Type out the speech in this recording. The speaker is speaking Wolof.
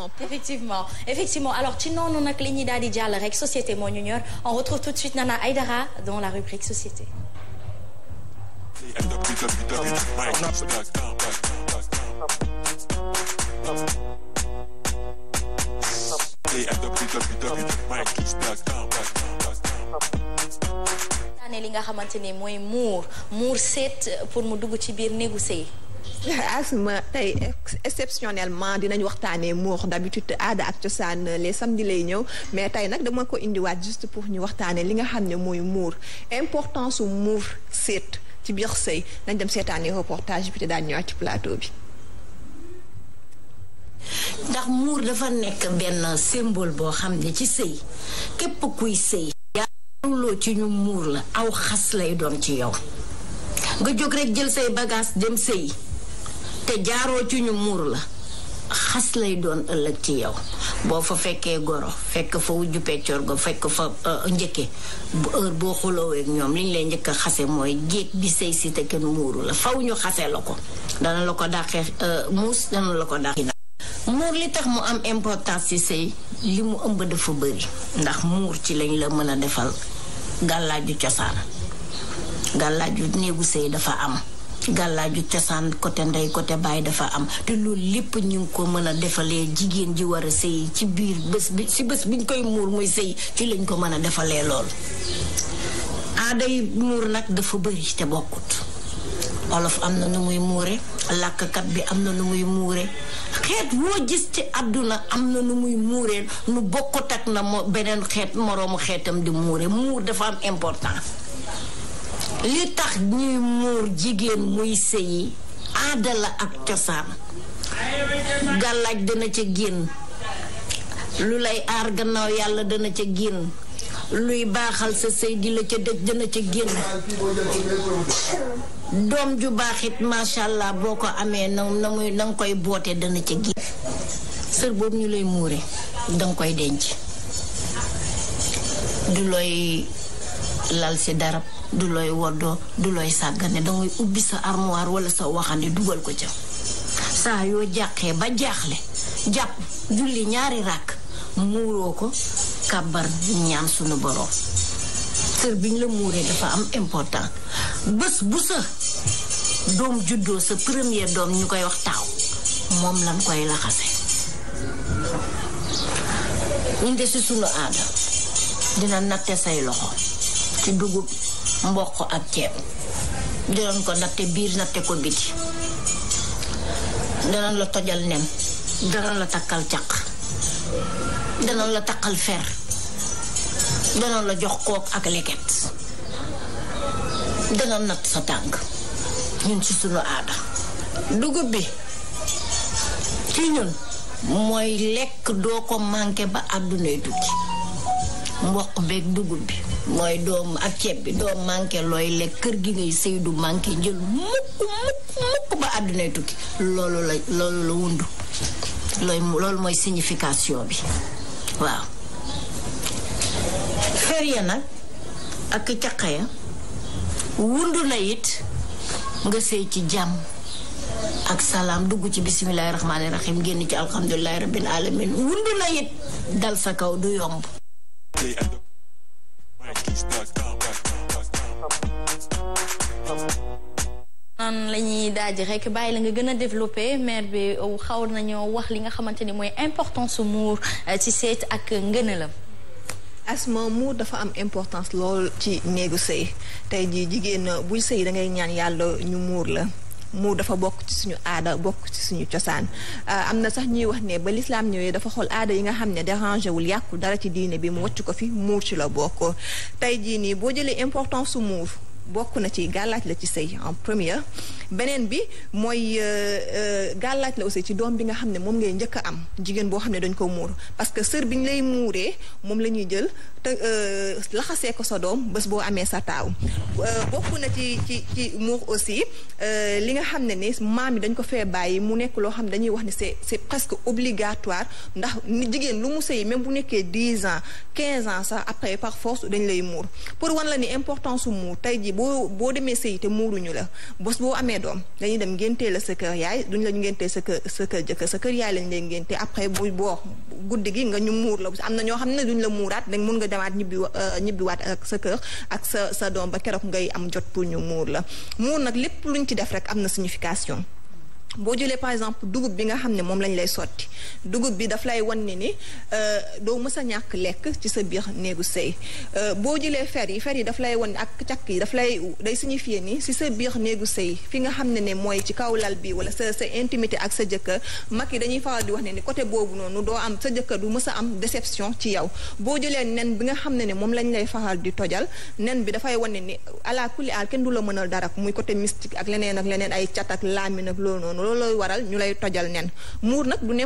complètement effectivement effectivement alors ci noonu nag li ñuy daal di jàll rek société moo ñu ñor on retrouve tout de suite Nana Aïdara dans la rubrique société. li nga xamante ne mooy muur muur seet pour mu dugg ci biir néegu sëy asma tey exceptionnellement dinañ waxtaanee muur d'habitude aada ak cosaan euh, les samedi lay ñëw mais tey nag dama ko indiwaat juste pour ñu waxtaanee li nga xam ne mooy muur importance su muur seet ci biir sëy nañ dem seetaanee reportage bi te daan ñëwaat ci plateau bi. ndax muur dafa nekk benn symbole boo xam ne ci sëy képp kuy sëy. yaa ci ñu muur la aw xas lay doon ci yow. nga jóg rek jël say bagage dem sëy. te jaaroo ci ñu muur la xas lay doon ëllëg ci yow boo fa fekkee goro fekk fa wujju peccoor go fekk fa euh, njëkke bu heure boo xulooweek ñoom liñ lay njëkk a xase mooy jéeg bi sëy si te kenn muuru la faw ñu xase la ko dana la ko dàqee euh, muus dana la ko dàqee muur li tax mu am importance ci sëy li mu ëmb dafa bari ndax muur ci lañ la mën a defal gàllaaju cosaan gàllaaju néegu sëy dafa am gàllaaju cosaan côté ndey côté baay dafa am te loolu lépp ñu ngi ko mën a defalee jigéen ji war a sëy ci biir bés bi si bés biñ koy muur muy sëy ci lañ ko mën a defalee lool aaday muur nag dafa bëri te bokkut olof am na nu muy muure làkkkat bi am na nu muy muure xeet woo gis ci àdduna am na nu muy muure nu bokkut ak na beneen xeet moroomu xeetam di muure muur dafa am importance li tax ñuy muur jigéen muy sëyi aada la ak cosaan gàllaaj dana ca génn lu lay aar gannaaw yàlla dana ca génn luy baaxal sa sëy di la ca dëj dana ca génn doom ju baaxit macha boo ko amee na na muy na koy boote dana ca génn sër boobu ñu lay muure danga koy denc du looy lal si darab du looy woddoo du looy sàggane damay ubbi sa armoire wala sa waxande dugal ko ca saa yoo jàqee ba jaaxle jàpp julli ñaari ràkk muuroo ko kàbbar ñaan sunu borom sër biñ la muuree dafa am important bés bu sa doom juddoo sa premier doom ñu koy wax taaw moom lan koy laxase ñu de si sunu aada dina natte say loxo ci dugub mboq ak ceeb di ko natte biir natte ko biti danañ la tojal nen danañ la takkal caq danañ la takkal fer danañ la jox kook ak leket danañ natt sa tànk ñun ci sunu aada dugub bi ci mooy lekk doo ko manqué ba àddunay tukki mboq beeg dugub bi mooy doom ak ceeb bi doom manqué looy lekk kër gi ngay sëy du manqué njël mukk mukk mukk ba àddunay tukki loolu la loolu la wundu loolu mooy signification bi waaw fer nag ak caqa ya wundu na it nga sëy ci jàmm ak salaam dugg ci bisimilahi rahmaani rahim génn ci alhamdulilahi rabbil alamin wundu na it dal sa kaw du yomb play and the mic la ñuy daaji rek bàyyi la nga gën a développé maire bi euh, xaw nañoo wax li nga xamante ni mooy importance su muur euh, ci seet ak ngëneelam. asma muur dafa am importance lool ci néegu sëy tey jii jigéen buy sëy da ngay ñaan yàlla ñu muur la. mu dafa bokk ci suñu aada bokk ci suñu cosaan euh, am na sax ñuy wax ne ba lislaam ñëwee dafa xool aada yi nga xam ne dérangé wul yàqul dara ci diine bi mu wàcc ko fi muur ci la bokkoo tey jii nii boo jëlee importance su muur bokk na ci gàllaaj la ci sëy en première beneen bi mooy euh, euh, gàllaaj la aussi ci doom bi nga xam ne moom ngay njëkk a am jigéen boo xam ne dañ ko muur parce que sër bi ñu lay muuree moom la ñuy jël te euh, laxasee ko sa doom bés boo amee sa taaw bokk na ci ci ci muur aussi li nga xam ne ni maam yi dañ ko fee bàyyi mu nekk loo xam ne dañuy wax ne c'est c'est presque obligatoire ndax jigéen lu mu sëy même bu nekkee dix ans quinze ans sax après par force dañ lay muur pour wan la ni importance su muur tey boo boo demee sëy te muuruñu la bos boo amee doom dañuy dem ngénte la sa kër yaay duñ la ñu ngéntee sa kër sa kër jëkkër sa kër yaay lañ lay ngéntee après buy boo guddi gi nga ñu muur la am na ñoo xam ne duñ la muuraat dañ mun nga demaat ñibbi euh, ñibbiwaat ak sa kër ak sa sa doom ba keroog ngay am jot pour ñu muur la muur nag lépp luñ ci def rek am na signification boo jëlee par exemple dugub bi nga xam ne moom lañ lay sotti dugub bi daf lay wan ne ni euh, doo mës a ñàkk lekk ci sa biir néegu sëy euh, boo jëlee fer yi fer yi daf lay wan ak càkk yi daf lay day signifier ni si sa biir néegu sëy fi nga xam ne ne mooy ci kaw lal bi wala sa sa intimité ak sa jëkkër mag yi dañuy faral di wax ne ni côté boobu noonu doo am sa jëkkër du mës a am déception ci yow boo jëlee nen bi nga xam ne ne moom lañ lay faral di tojal nen bi dafay wan ne ni ala kulli aal kenn du la mënal dara muy côté mystique ak leneen ak leneen ay cat ak laamin ak loolu noonu loolu lay waral ñu lay tojal nen muur nag du ne